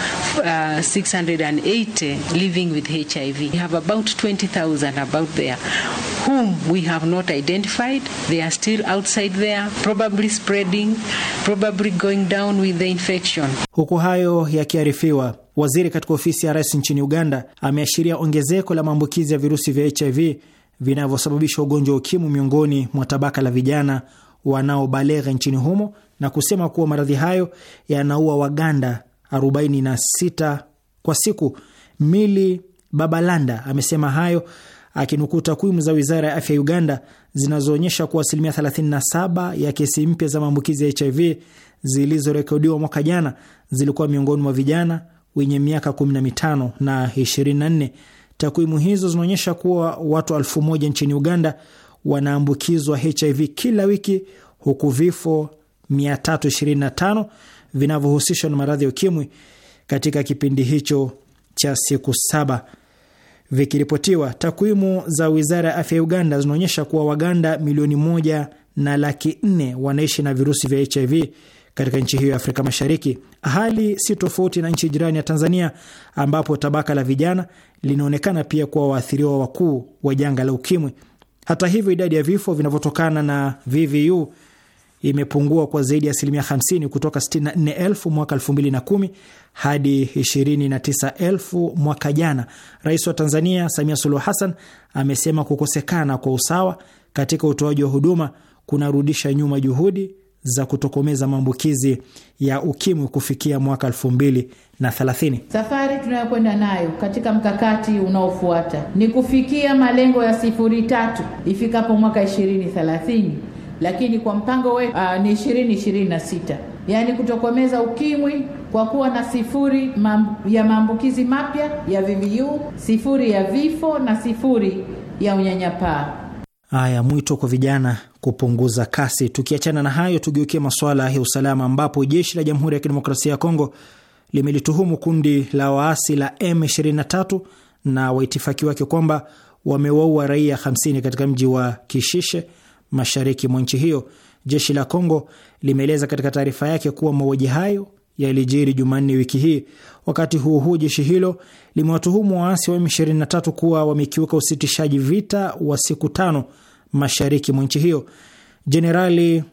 uh, 680 living with HIV. We have about 20,000 about there whom we have not identified. They are still outside there, probably spreading, probably going down with the infection. Huku hayo yakiarifiwa, waziri katika ofisi ya rais nchini Uganda ameashiria ongezeko la maambukizi ya virusi vya HIV vinavyosababisha ugonjwa wa ukimwi miongoni mwa tabaka la vijana wanaobalegha nchini humo na kusema kuwa maradhi hayo yanaua Waganda 46 kwa siku. Mili Babalanda amesema hayo akinukuu takwimu za wizara ya afya ya Uganda zinazoonyesha kuwa asilimia 37 ya kesi mpya za maambukizi ya HIV zilizorekodiwa mwaka jana zilikuwa miongoni mwa vijana wenye miaka 15 na 24. Takwimu hizo zinaonyesha kuwa watu elfu moja nchini Uganda wanaambukizwa HIV kila wiki huku vifo 325 vinavyohusishwa na maradhi ya ukimwi katika kipindi hicho cha siku saba vikiripotiwa. Takwimu za wizara ya afya ya Uganda zinaonyesha kuwa Waganda milioni moja na laki nne wanaishi na virusi vya HIV katika nchi hiyo ya Afrika Mashariki. Hali si tofauti na nchi jirani ya Tanzania, ambapo tabaka la vijana linaonekana pia kuwa waathiriwa wakuu wa janga la ukimwi. Hata hivyo, idadi ya vifo vinavyotokana na VVU imepungua kwa zaidi ya asilimia 50 kutoka 64,000 mwaka 2010 hadi 29,000 mwaka jana. Rais wa Tanzania Samia Suluhu Hassan amesema kukosekana kwa usawa katika utoaji wa huduma kunarudisha nyuma juhudi za kutokomeza maambukizi ya ukimwi kufikia mwaka 2030. Safari tunayokwenda nayo katika mkakati unaofuata ni kufikia malengo ya sifuri tatu ifikapo mwaka 2030 lakini kwa mpango wetu uh, ni ishirini ishirini na sita yaani kutokomeza ukimwi kwa kuwa na sifuri mam, ya maambukizi mapya ya VVU, sifuri ya vifo na sifuri ya unyanyapaa. Haya, mwito kwa vijana kupunguza kasi. Tukiachana na hayo, tugeukie masuala ya usalama, ambapo jeshi la Jamhuri ya Kidemokrasia ya Kongo limelituhumu kundi la waasi la M23 na waitifaki wake kwamba wamewaua raia 50 katika mji wa Kishishe mashariki mwa nchi hiyo. Jeshi la Kongo limeeleza katika taarifa yake kuwa mauaji hayo yalijiri Jumanne wiki hii. Wakati huo huo, jeshi hilo limewatuhumu waasi wa M23 kuwa wamekiuka usitishaji vita wa siku tano mashariki mwa nchi hiyo. Jenerali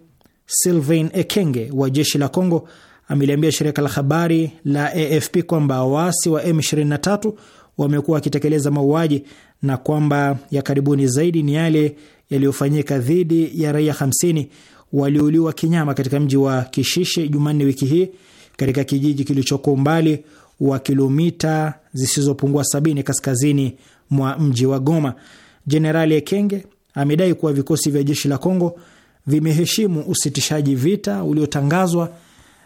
Sylvain Ekenge wa jeshi la Kongo ameliambia shirika la habari la AFP kwamba waasi wa M23 wamekuwa wakitekeleza mauaji na kwamba ya karibuni zaidi ni yale yaliyofanyika dhidi ya raia 50 waliuliwa kinyama katika mji wa Kishishe Jumanne wiki hii katika kijiji kilichoko umbali wa kilomita zisizopungua sabini kaskazini mwa mji wa Goma. Jenerali Ekenge amedai kuwa vikosi vya jeshi la Kongo vimeheshimu usitishaji vita uliotangazwa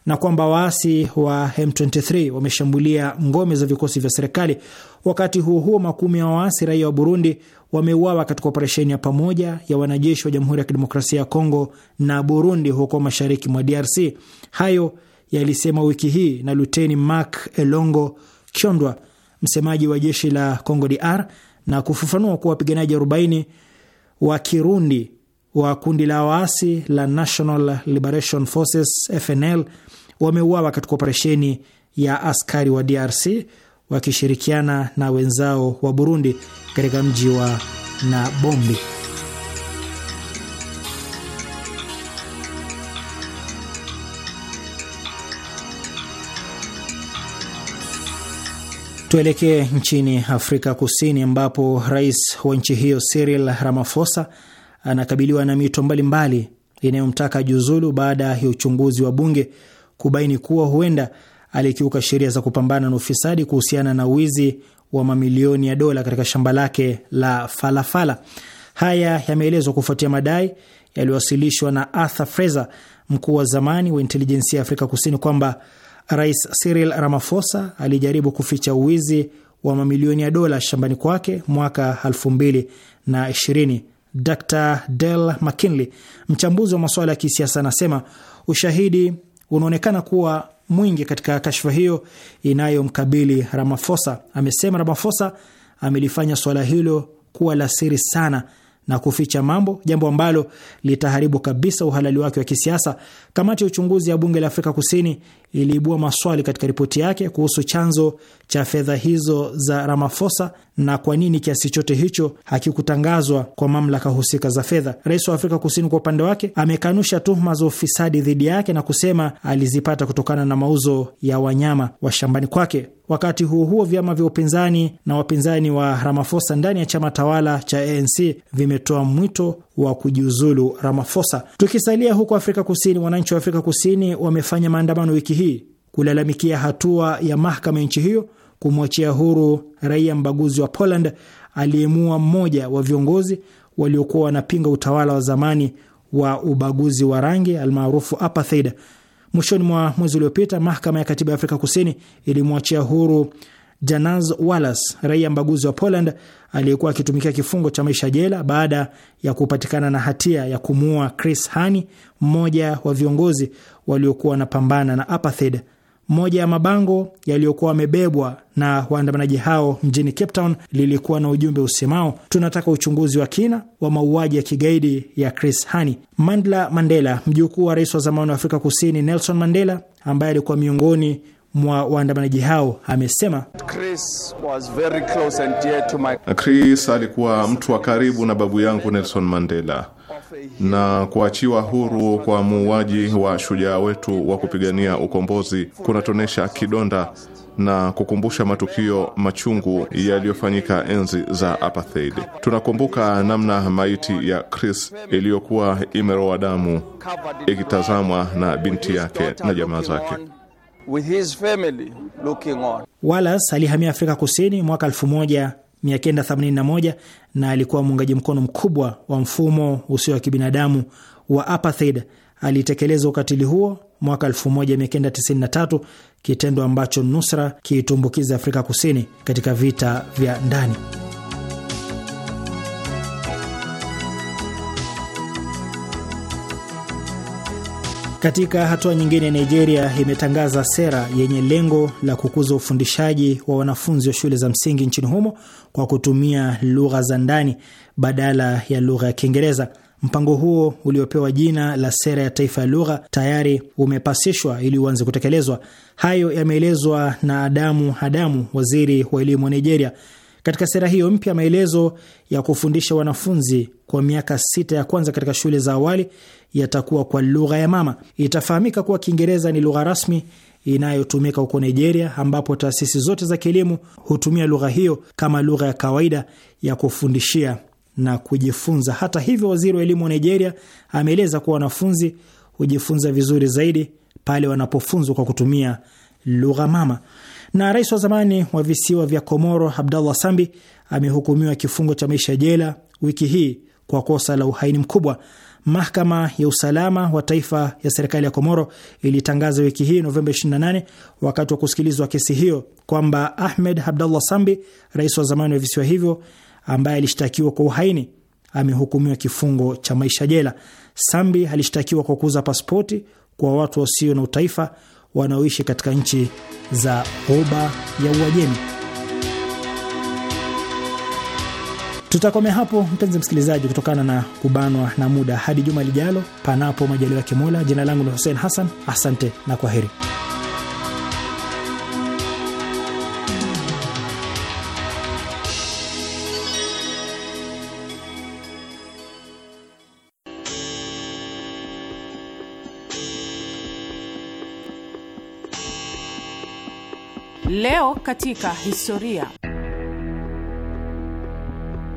na kwamba waasi wa M23 wameshambulia ngome za vikosi vya serikali. Wakati huo huo, makumi ya waasi raia wa Burundi wameuawa katika operesheni ya pamoja ya wanajeshi wa Jamhuri ya Kidemokrasia ya Kongo na Burundi huko mashariki mwa DRC. Hayo yalisema wiki hii na Luteni Mark Elongo Kyondwa, msemaji wa jeshi la Kongo DR, na kufafanua kuwa wapiganaji 40 wa Kirundi wa kundi la waasi la National Liberation Forces FNL wameuawa katika operesheni ya askari wa DRC wakishirikiana na wenzao wa Burundi katika mji wa Nabombi. Tuelekee nchini Afrika Kusini ambapo rais wa nchi hiyo Cyril Ramaphosa anakabiliwa na mito mbalimbali inayomtaka juzulu baada ya uchunguzi wa bunge kubaini kuwa huenda alikiuka sheria za kupambana na ufisadi kuhusiana na wizi wa mamilioni ya dola katika shamba lake la falafala. Haya yameelezwa kufuatia madai yaliyowasilishwa na Arthur Fraser, mkuu wa zamani wa intelijensia ya Afrika Kusini, kwamba Rais Cyril Ramaphosa alijaribu kuficha uwizi wa mamilioni ya dola shambani kwake mwaka 2020. Dr Del McKinley, mchambuzi wa masuala ya kisiasa, anasema ushahidi unaonekana kuwa mwingi katika kashfa hiyo inayomkabili ramafosa Amesema ramafosa amelifanya suala hilo kuwa la siri sana na kuficha mambo, jambo ambalo litaharibu kabisa uhalali wake wa kisiasa. Kamati ya uchunguzi ya bunge la Afrika Kusini iliibua maswali katika ripoti yake kuhusu chanzo cha fedha hizo za Ramaphosa na kwa nini kiasi chote hicho hakikutangazwa kwa mamlaka husika za fedha. Rais wa Afrika Kusini kwa upande wake amekanusha tuhuma za ufisadi dhidi yake na kusema alizipata kutokana na mauzo ya wanyama wa shambani kwake. Wakati huo huo, vyama vya upinzani na wapinzani wa Ramaphosa ndani ya chama tawala cha ANC vimetoa mwito wa kujiuzulu Ramafosa. Tukisalia huko Afrika Kusini, wananchi wa Afrika Kusini wamefanya maandamano wiki hii kulalamikia hatua ya mahakama ya nchi hiyo kumwachia huru raia mbaguzi wa Poland aliyemua mmoja wa viongozi waliokuwa wanapinga utawala wa zamani wa ubaguzi wa rangi almaarufu apartheid. Mwishoni mwa mwezi uliopita, mahakama ya katiba ya Afrika Kusini ilimwachia huru Janaz Wallace, raia mbaguzi wa Poland aliyekuwa akitumikia kifungo cha maisha jela baada ya kupatikana na hatia ya kumuua Chris Hani, mmoja wa viongozi waliokuwa wanapambana na apartheid. Moja ya mabango yaliyokuwa wamebebwa na waandamanaji hao mjini Cape Town lilikuwa na ujumbe usemao tunataka uchunguzi wa kina wa mauaji ya kigaidi ya Chris Hani. Mandla Mandela, mjukuu wa rais wa zamani wa Afrika Kusini Nelson Mandela, ambaye alikuwa miongoni mwa waandamanaji hao amesema Chris, was very close and dear to my... Chris alikuwa mtu wa karibu na babu yangu Nelson Mandela na kuachiwa huru kwa muuaji wa shujaa wetu wa kupigania ukombozi kunatonesha kidonda na kukumbusha matukio machungu yaliyofanyika enzi za apartheid. Tunakumbuka namna maiti ya Chris iliyokuwa imeroa damu ikitazamwa na binti yake na jamaa zake with his family looking on. Wallace alihamia Afrika Kusini mwaka 1981 na alikuwa muungaji mkono mkubwa wa mfumo usio wa kibinadamu wa apartheid. Alitekeleza ukatili huo mwaka 1993, kitendo ambacho nusra kiitumbukiza Afrika Kusini katika vita vya ndani. Katika hatua nyingine, Nigeria imetangaza sera yenye lengo la kukuza ufundishaji wa wanafunzi wa shule za msingi nchini humo kwa kutumia lugha za ndani badala ya lugha ya Kiingereza. Mpango huo uliopewa jina la sera ya taifa ya lugha tayari umepasishwa ili uanze kutekelezwa. Hayo yameelezwa na Adamu Adamu, waziri wa elimu wa Nigeria, katika sera hiyo mpya, maelezo ya kufundisha wanafunzi kwa miaka sita ya kwanza katika shule za awali yatakuwa kwa lugha ya mama. Itafahamika kuwa Kiingereza ni lugha rasmi inayotumika huko Nigeria, ambapo taasisi zote za kielimu hutumia lugha hiyo kama lugha ya kawaida ya kufundishia na kujifunza. Hata hivyo, waziri wa elimu wa Nigeria ameeleza kuwa wanafunzi hujifunza vizuri zaidi pale wanapofunzwa kwa kutumia lugha mama. Na rais wa zamani wa visiwa vya Komoro Abdallah Sambi amehukumiwa kifungo cha maisha jela wiki hii kwa kosa la uhaini mkubwa. Mahakama ya usalama wa taifa ya serikali ya Komoro ilitangaza wiki hii Novemba 28 wakati wa kusikilizwa kesi hiyo kwamba Ahmed Abdallah Sambi, rais wa zamani wa visiwa hivyo, ambaye alishtakiwa kwa uhaini amehukumiwa kifungo cha maisha jela. Sambi alishtakiwa kwa kuuza pasipoti kwa watu wasio na utaifa wanaoishi katika nchi za Ghuba ya Uajemi. Tutakomea hapo mpenzi msikilizaji, kutokana na kubanwa na muda. Hadi juma lijalo, panapo majaliwa ya kimola Jina langu ni Hussein Hassan, asante na kwa heri Leo katika historia.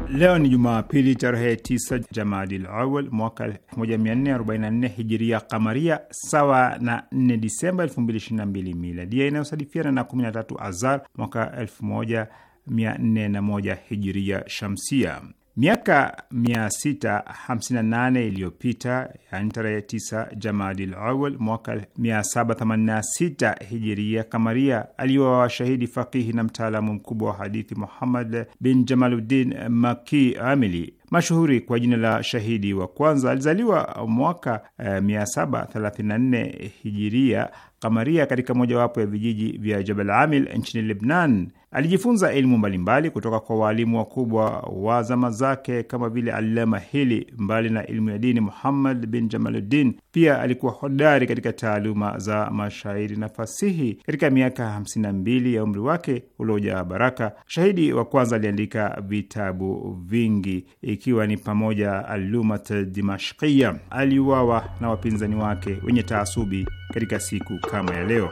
Leo ni Jumapili tarehe 9 Jamadil Awal mwaka 1444 hijiria kamaria, sawa na 4 Disemba 2022 miladia, inayosadifiana na 13 Azar mwaka 1401 hijiria shamsia. Miaka 658 iliyopita, yani tarehe 9 Jamadil Awal mwaka 786 hijiria kamaria, aliwa washahidi fakihi na mtaalamu mkubwa wa hadithi Muhammad bin Jamaluddin Maki Amili mashuhuri kwa jina la Shahidi wa Kwanza. Alizaliwa mwaka 734 eh, hijiria kamaria katika mojawapo ya vijiji vya Jabal Amil nchini Lebnan. Alijifunza elimu mbalimbali kutoka kwa waalimu wakubwa wa zama zake kama vile Allama Hili. Mbali na elimu ya dini, Muhammad bin Jamaluddin pia alikuwa hodari katika taaluma za mashairi na fasihi. Katika miaka hamsini na mbili ya umri wake uliojaa baraka, shahidi wa kwanza aliandika vitabu vingi, ikiwa ni pamoja Alumat Dimashkia. Aliuawa na wapinzani wake wenye taasubi katika siku kama ya leo.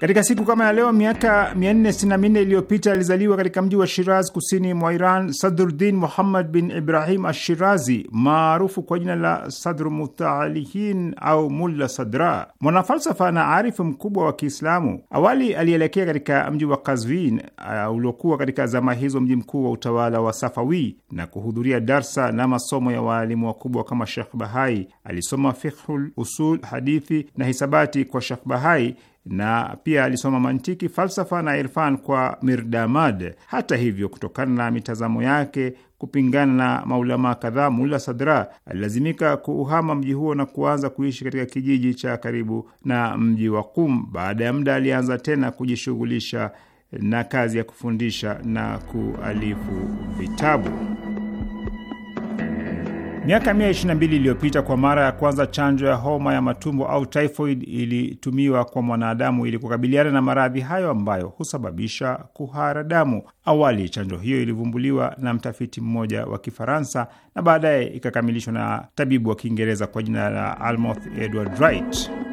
Katika siku kama ya leo miaka 464 iliyopita alizaliwa katika mji wa Shiraz kusini mwa Iran Sadruddin Muhammad bin Ibrahim Ashirazi maarufu kwa jina la Sadru Mutaalihin au Mulla Sadra, mwanafalsafa na arifu mkubwa wa Kiislamu. Awali alielekea katika mji wa Kazvin uh, uliokuwa katika zama hizo mji mkuu wa utawala wa Safawi na kuhudhuria darsa na masomo ya waalimu wakubwa kama Shekh Bahai. Alisoma fikhul usul, hadithi na hisabati kwa Shekh Bahai na pia alisoma mantiki, falsafa na irfan kwa Mirdamad. Hata hivyo, kutokana na mitazamo yake kupingana na maulamaa kadhaa, Mulla Sadra alilazimika kuuhama mji huo na kuanza kuishi katika kijiji cha karibu na mji wa Kum. Baada ya muda, alianza tena kujishughulisha na kazi ya kufundisha na kualifu vitabu. Miaka 122 iliyopita kwa mara ya kwanza chanjo ya homa ya matumbo au typhoid ilitumiwa kwa mwanadamu ili kukabiliana na maradhi hayo ambayo husababisha kuhara damu. Awali chanjo hiyo ilivumbuliwa na mtafiti mmoja wa Kifaransa na baadaye ikakamilishwa na tabibu wa Kiingereza kwa jina la almoth Edward Wright.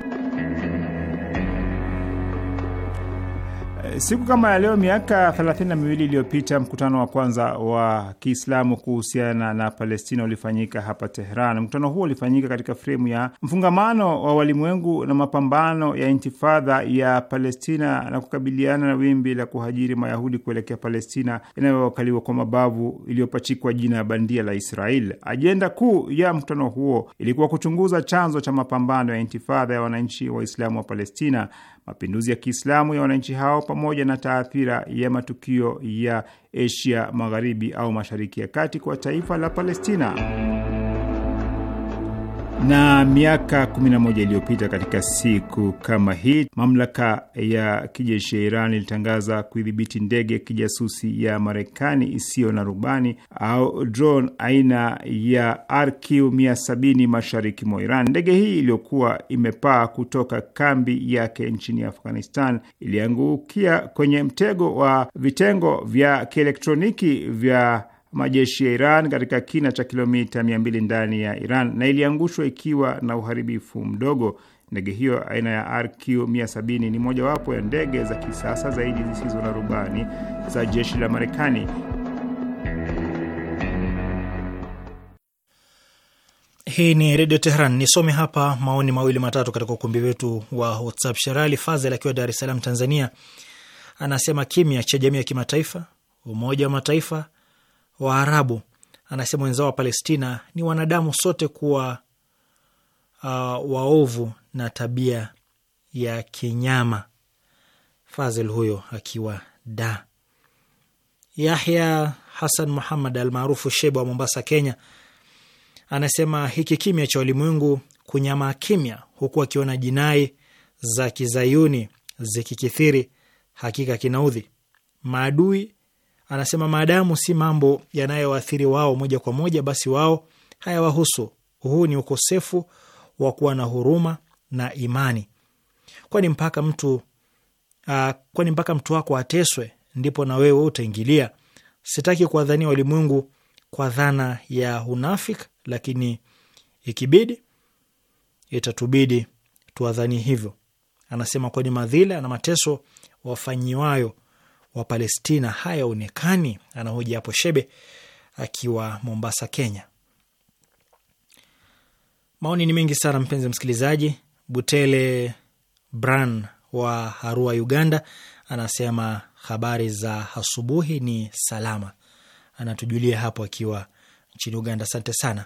Siku kama ya leo miaka thelathini na miwili iliyopita mkutano wa kwanza wa Kiislamu kuhusiana na Palestina ulifanyika hapa Tehran. Mkutano huo ulifanyika katika fremu ya mfungamano wa walimwengu na mapambano ya intifadha ya Palestina na kukabiliana na wimbi la kuhajiri Mayahudi kuelekea Palestina inayokaliwa kwa mabavu iliyopachikwa jina ya bandia la Israel. Ajenda kuu ya mkutano huo ilikuwa kuchunguza chanzo cha mapambano ya intifadha ya wananchi Waislamu wa Palestina mapinduzi ya Kiislamu ya wananchi hao pamoja na taathira ya matukio ya Asia Magharibi au Mashariki ya Kati kwa taifa la Palestina. Na miaka 11 iliyopita katika siku kama hii, mamlaka ya kijeshi ya Iran ilitangaza kuidhibiti ndege ya kijasusi ya Marekani isiyo na rubani au drone aina ya RQ 170 mashariki mwa Iran. Ndege hii iliyokuwa imepaa kutoka kambi yake nchini Afghanistan iliangukia kwenye mtego wa vitengo vya kielektroniki vya majeshi ya Iran katika kina cha kilomita 200 ndani ya Iran na iliangushwa ikiwa na uharibifu mdogo. Ndege hiyo aina ya RQ 170 ni mojawapo ya ndege za kisasa zaidi zisizo na rubani za jeshi la Marekani. Hii ni Redio Teheran. Nisome hapa maoni mawili matatu katika ukumbi wetu wa WhatsApp. Sherali Fazel akiwa Dar es Salaam, Tanzania, anasema kimya cha jamii ya kimataifa, Umoja wa Mataifa Waarabu. Anasema wenzao wa Palestina ni wanadamu sote kuwa uh, waovu na tabia ya kinyama. Fazil huyo akiwa da. Yahya Hasan Muhammad almaarufu Sheba wa Mombasa, Kenya, anasema hiki kimya cha ulimwengu kunyama kimya, huku akiona jinai za kizayuni zikikithiri, hakika kinaudhi. Maadui Anasema maadamu si mambo yanayowaathiri wao moja kwa moja, basi wao hayawahusu. Huu ni ukosefu wa kuwa na huruma na imani, kwani mpaka mtu uh, kwani mpaka mtu wako ateswe ndipo na wewe utaingilia. Sitaki kuwadhania walimwengu kwa dhana ya unafiki, lakini ikibidi itatubidi tuwadhani hivyo. Anasema kwani madhila na mateso wafanyiwayo wa Palestina hayaonekani? Anahoji hapo Shebe akiwa Mombasa, Kenya. Maoni ni mengi sana, mpenzi msikilizaji. Butele Bran wa Harua, Uganda, anasema habari za asubuhi ni salama, anatujulia hapo akiwa nchini Uganda. Asante sana.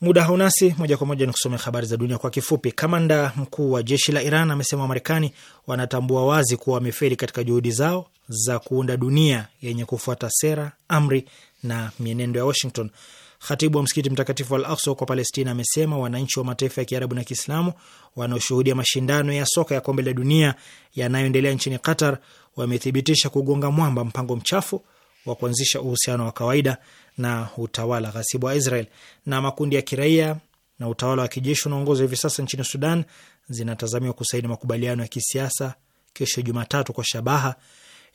Muda haunasi moja kwa moja ni kusomea habari za dunia kwa kifupi. Kamanda mkuu wa jeshi la Iran amesema Wamarekani wanatambua wazi kuwa wameferi katika juhudi zao za kuunda dunia yenye kufuata sera, amri na mienendo ya Washington. Khatibu wa msikiti mtakatifu Al Aksa huko Palestina amesema wananchi wa mataifa ya Kiarabu na Kiislamu wanaoshuhudia mashindano ya soka ya kombe la dunia yanayoendelea nchini Qatar wamethibitisha kugonga mwamba mpango mchafu wa kuanzisha uhusiano wa kawaida na utawala ghasibu wa Israel. Na makundi ya kiraia na utawala wa kijeshi unaongozwa hivi sasa nchini Sudan zinatazamiwa kusaini makubaliano ya kisiasa kesho Jumatatu kwa shabaha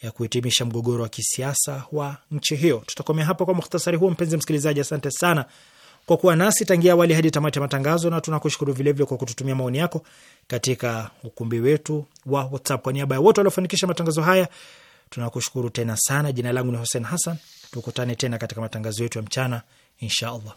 ya kuhitimisha mgogoro wa kisiasa wa nchi hiyo. Tutakomea hapa kwa muhtasari huo. Mpenzi msikilizaji, asante sana kwa kuwa nasi tangia awali hadi tamati ya matangazo, na tunakushukuru vilevile kwa kututumia maoni yako katika ukumbi wetu wa WhatsApp. Kwa niaba ya wote waliofanikisha matangazo haya, Tunakushukuru tena sana. Jina langu ni Hussein Hassan. Tukutane tena katika matangazo yetu ya mchana, insha allah.